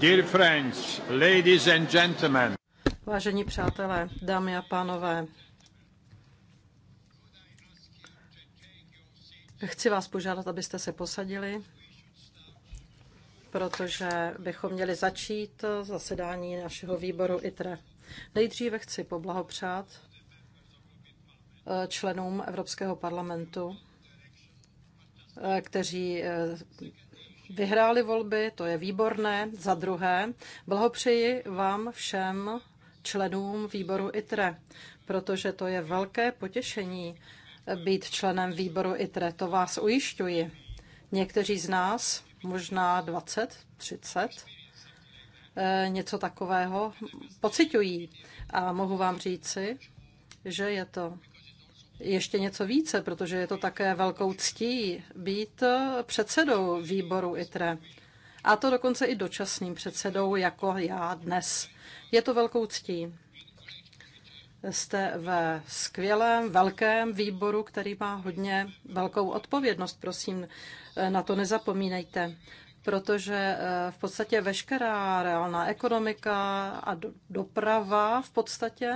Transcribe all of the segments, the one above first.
Dear friends, ladies and gentlemen. Vážení přátelé, dámy a pánové, chci vás požádat, abyste se posadili, protože bychom měli začít zasedání našeho výboru ITRE. Nejdříve chci poblahopřát eh, členům Evropského parlamentu, eh, kteří eh, vyhráli volby, to je výborné. Za druhé, blahopřeji vám všem členům výboru ITRE, protože to je velké potěšení být členem výboru ITRE, to vás ujišťuji. Někteří z nás, možná 20, 30, eh, něco takového pocitují A mohu vám říci, že je to ještě něco více, protože je to také velkou ctí být předsedou výboru ITRE. A to dokonce i dočasným předsedou, jako já dnes. Je to velkou ctí. Jste ve skvělém, velkém výboru, který má hodně velkou odpovědnost. Prosím, na to nezapomínejte protože eh, v podstatě veškerá reálná ekonomika a doprava v podstatě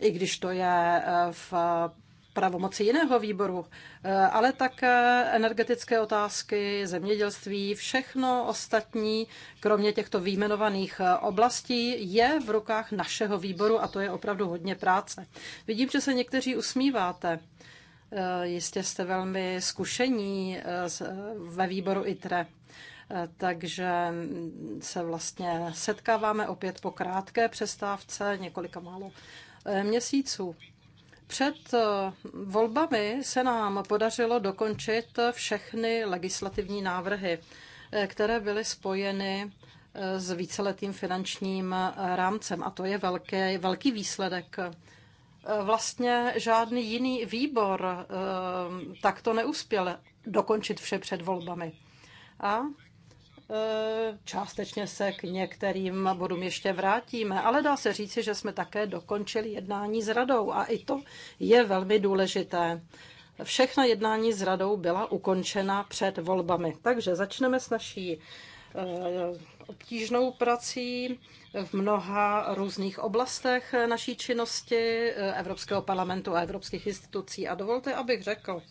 i když to je eh, v eh, pravomoci jiného výboru, eh, ale také energetické otázky, zemědělství, všechno ostatní, kromě těchto výjmenovaných oblastí, je v rukách našeho výboru a to je opravdu hodně práce. Vidím, že se někteří usmíváte. Jistě jste velmi zkušení ve výboru ITRE takže se vlastně setkáváme opět po krátké přestávce několika málo Eh, měsíců. Před eh, volbami se nám podařilo dokončit všechny legislativní návrhy, eh, které byly spojeny s víceletým finančním rámcem. A to je velký, velký výsledek. Vlastně žádný jiný výbor takto neuspěl dokončit vše před volbami. A Eh, částečně se k některým bodům ještě vrátíme, ale dá se říci, že jsme také dokončili jednání s radou a i to je velmi důležité. Všechna jednání s radou byla ukončena před volbami, takže začneme s naší eh, obtížnou prací v mnoha různých oblastech naší činnosti eh, Evropského parlamentu a evropských institucí. A dovolte, abych řekl,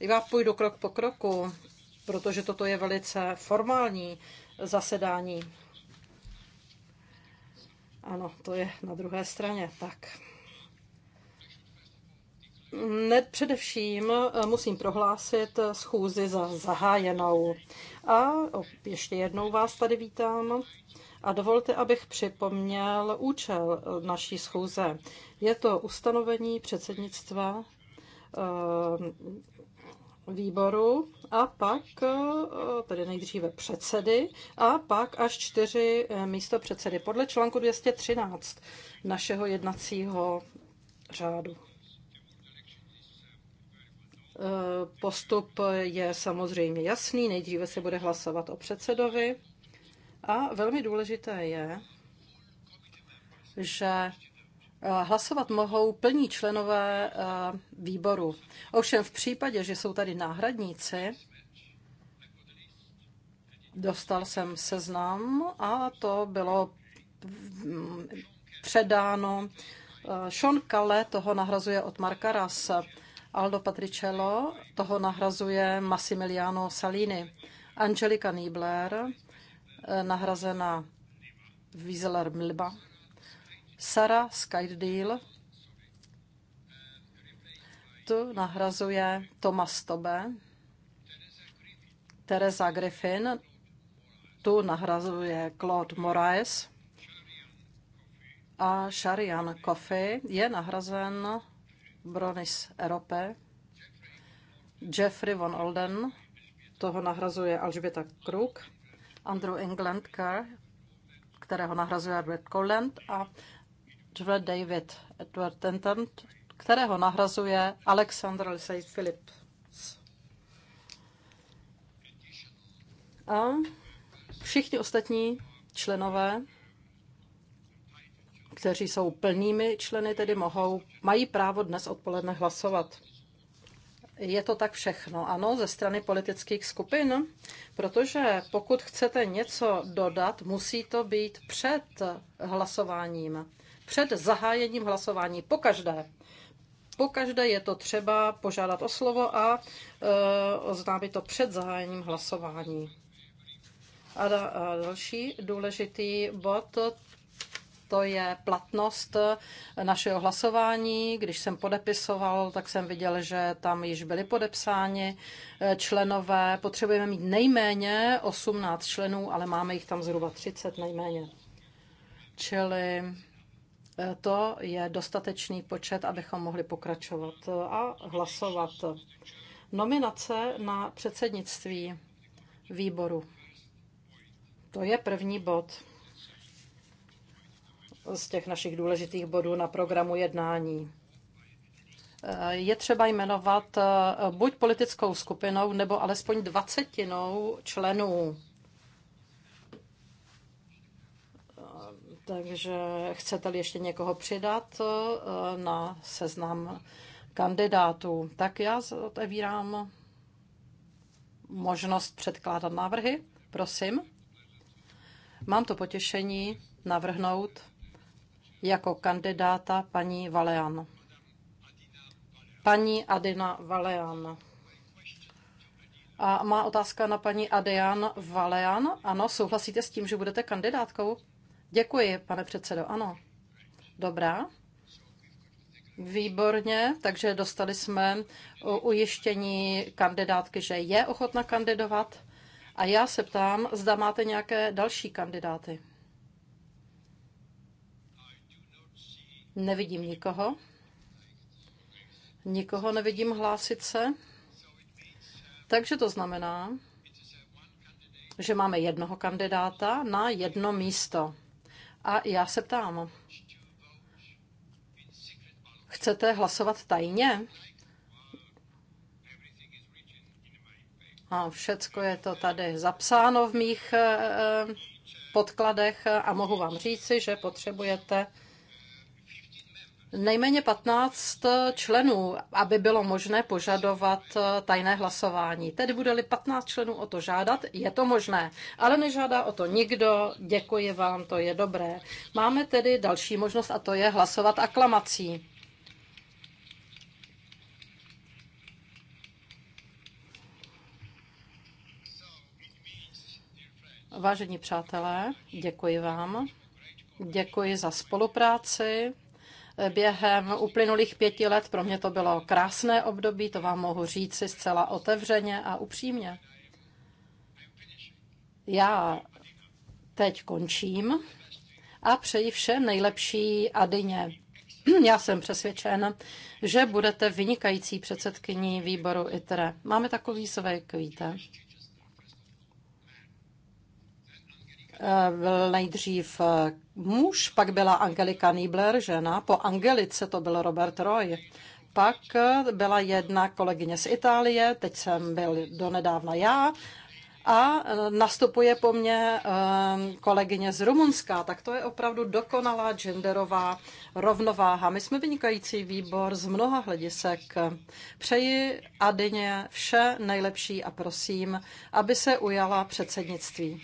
já půjdu krok po kroku, protože toto je velice formální zasedání. Ano, to je na druhé straně. Tak. Net především eh, musím prohlásit schůzi za zahájenou. A ještě jednou vás tady vítám. A dovolte, abych připomněl účel eh, naší schůze. Je to ustanovení předsednictva eh, výboru a pak eh, tedy nejdříve předsedy a pak až čtyři eh, místo předsedy podle článku 213 našeho jednacího řádu. Eh, postup je samozřejmě jasný, nejdříve se bude hlasovat o předsedovi a velmi důležité je, že Eh, hlasovat mohou plní členové eh, výboru. Ovšem v případě, že jsou tady náhradníci, dostal jsem seznam a to bylo mm, předáno. Eh, Sean Kalle toho nahrazuje od Marka Ras. Aldo Patricello toho nahrazuje Massimiliano Salini. Angelika Niebler nahrazena Wieseler Milba. Sara Skydeal tu nahrazuje Thomas Tobe. Teresa Griffin tu nahrazuje Claude Moraes a Sharian Coffey je nahrazen Bronis Erope. Jeffrey von Olden, toho nahrazuje Alžběta Krug, Andrew Englandka, kterého nahrazuje Albert Coland a Dr. David Edward Denton, kterého nahrazuje Alexander Lisej Philip, A všichni ostatní členové, kteří jsou plnými členy, tedy mohou, mají právo dnes odpoledne hlasovat. Je to tak všechno, ano, ze strany politických skupin, protože pokud chcete něco dodat, musí to být před hlasováním před zahájením hlasování. Po každé. Po každé je to třeba požádat o slovo a e, oznámit to před zahájením hlasování. A, da, a další důležitý bod to je platnost eh, našeho hlasování. Když jsem podepisoval, tak jsem viděl, že tam již byli podepsáni eh, členové. Potřebujeme mít nejméně 18 členů, ale máme jich tam zhruba 30 nejméně. Čili to je dostatečný počet, abychom mohli pokračovat a hlasovat. Nominace na předsednictví výboru. To je první bod z těch našich důležitých bodů na programu jednání. Je třeba jmenovat buď politickou skupinou, nebo alespoň dvacetinou členů. Takže chcete-li ještě někoho přidat eh, na seznam kandidátů, tak já otevírám možnost předkládat návrhy. Prosím. Mám to potěšení navrhnout jako kandidáta paní Valean. Paní Adina Valean. A má otázka na paní Adian Valean. Ano, souhlasíte s tím, že budete kandidátkou? Děkuji, pane předsedo. Ano. Dobrá. Výborně, takže dostali jsme ujištění kandidátky, že je ochotna kandidovat. A já se ptám, zda máte nějaké další kandidáty. Nevidím nikoho. Nikoho nevidím hlásit se. Takže to znamená, že máme jednoho kandidáta na jedno místo. A já se ptám, chcete hlasovat tajně? A všecko je to tady zapsáno v mých eh, podkladech a mohu vám říci, že potřebujete nejméně 15 členů, aby bylo možné požadovat eh, tajné hlasování. Tedy bude-li 15 členů o to žádat, je to možné. Ale nežádá o to nikdo, děkuji vám, to je dobré. Máme tedy další možnost a to je hlasovat aklamací. Vážení přátelé, děkuji vám. Děkuji za spolupráci během uplynulých pěti let. Pro mě to bylo krásné období, to vám mohu říct si zcela otevřeně a upřímně. Já teď končím a přeji vše nejlepší Adině. Já jsem přesvědčen, že budete vynikající předsedkyní výboru ITRE. Máme takový zvyk, víte. Eh, byl nejdřív eh, muž, pak byla Angelika Niebler, žena, po Angelice to byl Robert Roy. Pak eh, byla jedna kolegyně z Itálie, teď jsem byl donedávna já, a nastupuje po mně kolegyně z Rumunska. Tak to je opravdu dokonalá genderová rovnováha. My jsme vynikající výbor z mnoha hledisek. Přeji Adině vše nejlepší a prosím, aby se ujala předsednictví.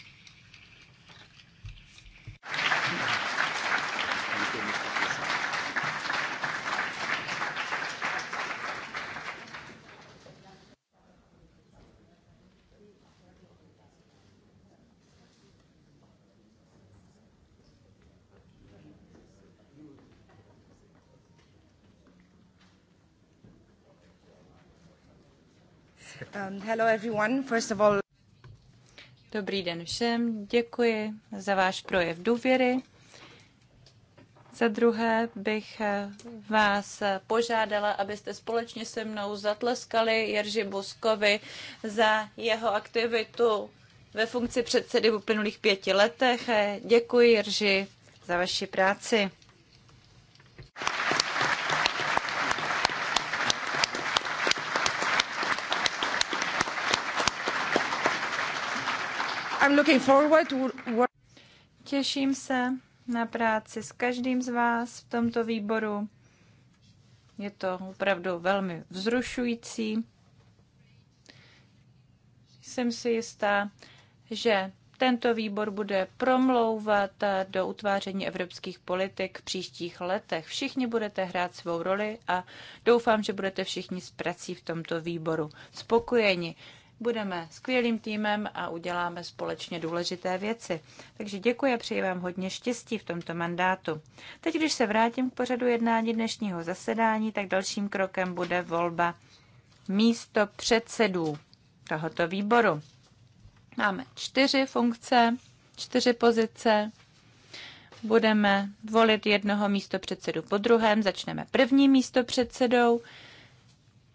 Um, hello everyone. First of all... Dobrý den všem, děkuji za váš projev důvěry. Za druhé bych eh, vás eh, požádala, abyste společně se mnou zatleskali Jerži Buskovi za jeho aktivitu ve funkci předsedy v uplynulých pěti letech. Eh, děkuji Jerži za vaši práci. I'm looking forward to work. Těším se na práci s každým z vás v tomto výboru. Je to opravdu velmi vzrušující. Jsem si jistá, že tento výbor bude promlouvat do utváření evropských politik v příštích letech. Všichni budete hrát svou roli a doufám, že budete všichni s prací v tomto výboru spokojeni. Budeme skvělým týmem a uděláme společně důležité věci. Takže děkuji a přeji vám hodně štěstí v tomto mandátu. Teď, když se vrátím k pořadu jednání dnešního zasedání, tak dalším krokem bude volba místo předsedů tohoto výboru. Máme čtyři funkce, čtyři pozice. Budeme volit jednoho místo předsedu po druhém. Začneme prvním místo předsedou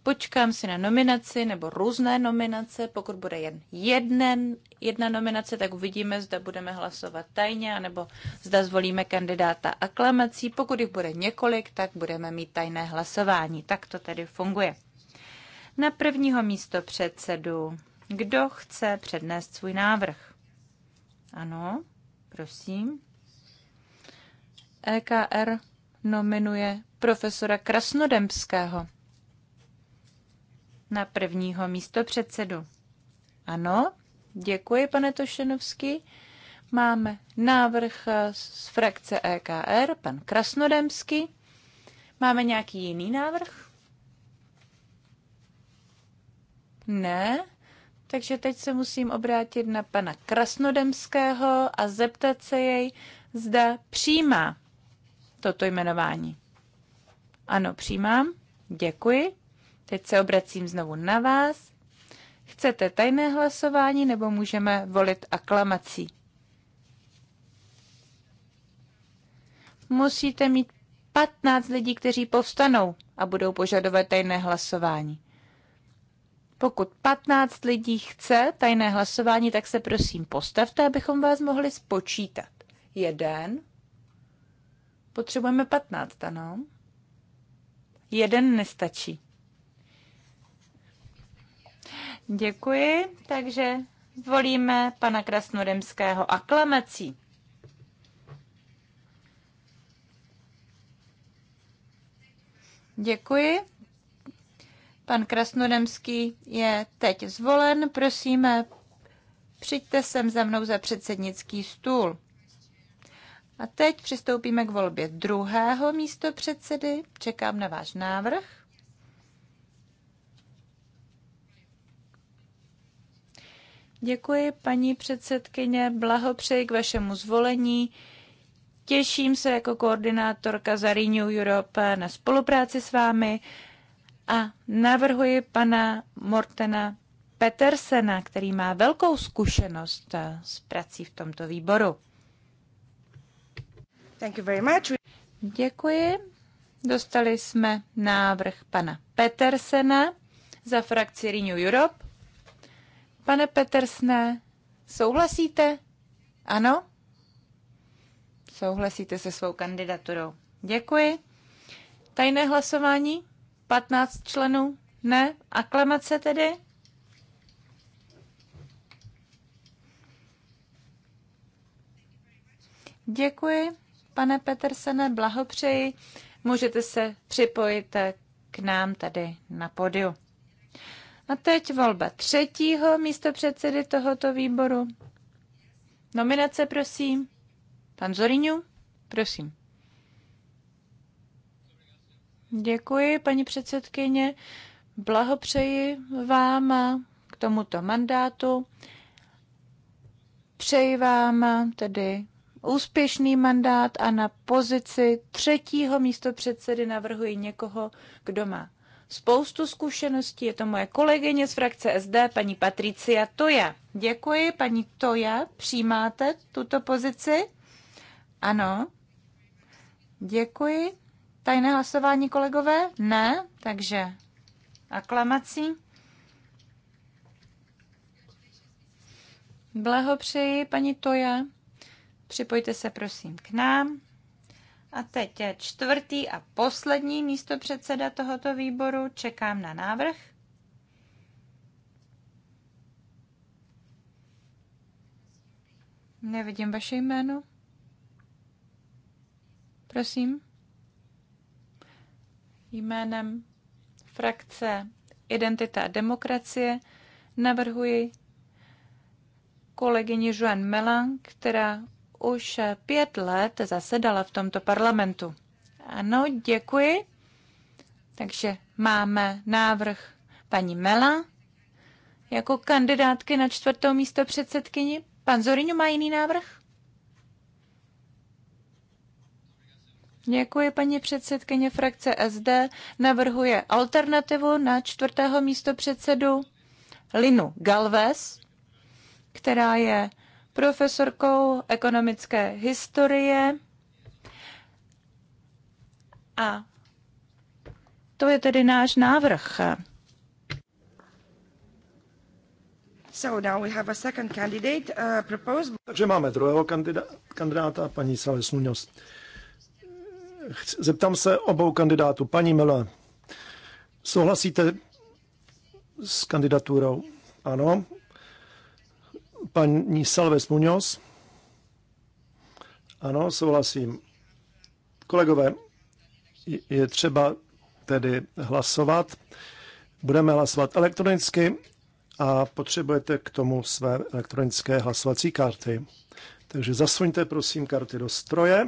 počkám si na nominaci nebo různé nominace. Pokud bude jen jeden, jedna nominace, tak uvidíme, zda budeme hlasovat tajně, nebo zda zvolíme kandidáta aklamací. Pokud jich bude několik, tak budeme mít tajné hlasování. Tak to tedy funguje. Na prvního místo předsedu. Kdo chce přednést svůj návrh? Ano, prosím. EKR nominuje profesora Krasnodemského na prvního místo předsedu. Ano, děkuji, pane Tošenovský. Máme návrh eh, z frakce EKR, pan Krasnodemský. Máme nějaký jiný návrh? Ne, takže teď se musím obrátit na pana Krasnodemského a zeptat se jej, zda přijímá toto jmenování. Ano, přijímám. Děkuji. Teď se obracím znovu na vás. Chcete tajné hlasování nebo můžeme volit aklamací? Musíte mít 15 lidí, kteří povstanou a budou požadovat tajné hlasování. Pokud 15 lidí chce tajné hlasování, tak se prosím postavte, abychom vás mohli spočítat. Jeden. Potřebujeme 15, ano. Jeden nestačí. Děkuji, takže volíme pana Krasnodemského aklamací. Děkuji. Pan Krasnodemský je teď zvolen. Prosím, přijďte sem za mnou za předsednický stůl. A teď přistoupíme k volbě druhého místo předsedy. Čekám na váš návrh. Děkuji, paní předsedkyně, blahopřeji k vašemu zvolení. Těším se jako koordinátorka za Renew Europe na spolupráci s vámi a navrhuji pana Mortena Petersena, který má velkou zkušenost s prací v tomto výboru. Thank you very much. Děkuji. Dostali jsme návrh pana Petersena za frakci Renew Europe. Pane Petersne, souhlasíte? Ano? Souhlasíte se svou kandidaturou. Děkuji. Tajné hlasování? 15 členů? Ne? Aklamace tedy? Děkuji, pane Petersene, blahopřeji. Můžete se připojit k nám tady na podiu. A teď volba třetího místo předsedy tohoto výboru. Nominace, prosím. Pan Zorinu, prosím. Děkuji, paní předsedkyně. Blahopřeji vám k tomuto mandátu. Přeji vám tedy úspěšný mandát a na pozici třetího místo předsedy navrhuji někoho, kdo má spoustu zkušeností. Je to moje kolegyně z frakce SD, paní Patricia Toja. Děkuji, paní Toja. Přijímáte tuto pozici? Ano. Děkuji. Tajné hlasování, kolegové? Ne, takže aklamací. Blahopřeji, paní Toja. Připojte se prosím k nám. A teď je čtvrtý a poslední místo předseda tohoto výboru. Čekám na návrh. Nevidím vaše jméno. Prosím. Jménem frakce Identita a demokracie navrhuji kolegyni Joan Melang, která už pět let zasedala v tomto parlamentu. Ano, děkuji. Takže máme návrh paní Mela jako kandidátky na čtvrtou místo předsedkyni. Pan Zorinu má jiný návrh? Děkuji, paní předsedkyně frakce SD. Navrhuje alternativu na čtvrtého místo předsedu Linu Galvez, která je profesorkou ekonomické historie a to je tedy náš návrh. So now we have a second candidate, uh, proposed... Takže máme druhého kandidáta, kandidáta paní Sales Nunoz. Zeptám se obou kandidátů. Paní Mela, souhlasíte s kandidaturou? Ano. Paní Salves Muñoz. Ano, souhlasím. Kolegové, je třeba tedy hlasovat. Budeme hlasovat elektronicky a potřebujete k tomu své elektronické hlasovací karty. Takže zasuňte prosím karty do stroje.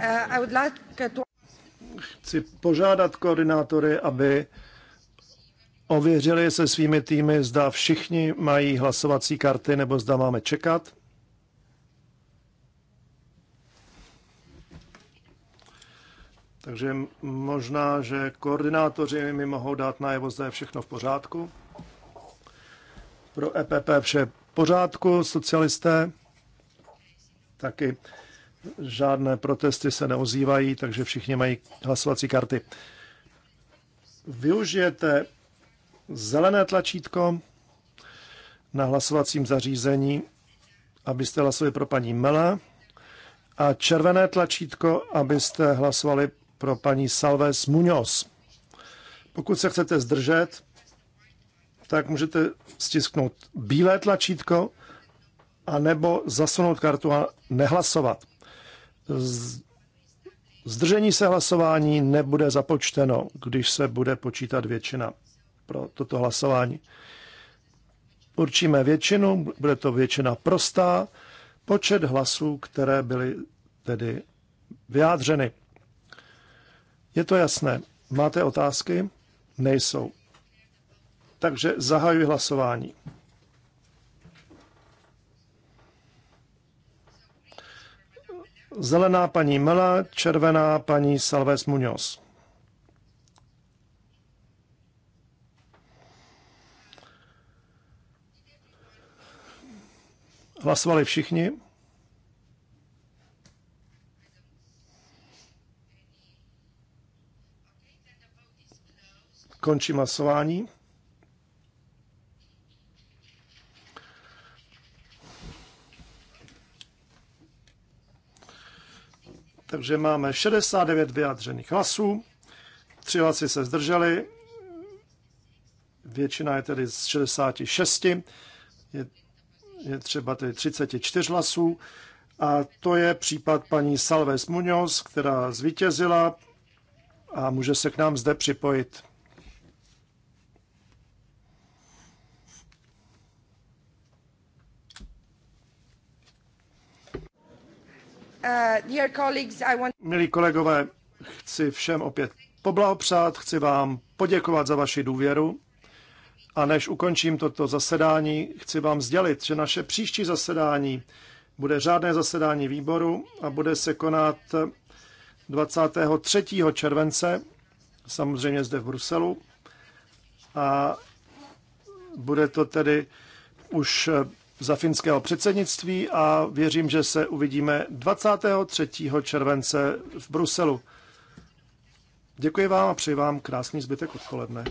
Uh, I would like to Chci požádat koordinátory, aby ověřili se svými týmy, zda všichni mají hlasovací karty nebo zda máme čekat. Takže možná, že koordinátoři mi mohou dát najevo, zda je všechno v pořádku. Pro EPP vše v pořádku, socialisté taky. Žádné protesty se neozývají, takže všichni mají hlasovací karty. Využijete zelené tlačítko na hlasovacím zařízení, abyste hlasovali pro paní Mela a červené tlačítko, abyste hlasovali pro paní Salves Muñoz. Pokud se chcete zdržet, tak můžete stisknout bílé tlačítko a nebo zasunout kartu a nehlasovat. Zdržení se hlasování nebude započteno, když se bude počítat většina pro toto hlasování. Určíme většinu, bude to většina prostá, počet hlasů, které byly tedy vyjádřeny. Je to jasné. Máte otázky? Nejsou. Takže zahajuji hlasování. Zelená paní Mela, červená paní Salves Muñoz. Hlasovali všichni? Končím hlasování. Takže máme 69 vyjádřených hlasů, tři hlasy se zdrželi, většina je tedy z 66, je, je třeba tedy 34 hlasů. A to je případ paní Salves Muñoz, která zvítězila a může se k nám zde připojit. Uh, Milí kolegové, chci všem opět poblahopřát, chci vám poděkovat za vaši důvěru. A než ukončím toto zasedání, chci vám sdělit, že naše příští zasedání bude řádné zasedání výboru a bude se konat 23. července, samozřejmě zde v Bruselu. A bude to tedy už za finského předsednictví a věřím, že se uvidíme 23. července v Bruselu. Děkuji vám a přeji vám krásný zbytek odpoledne.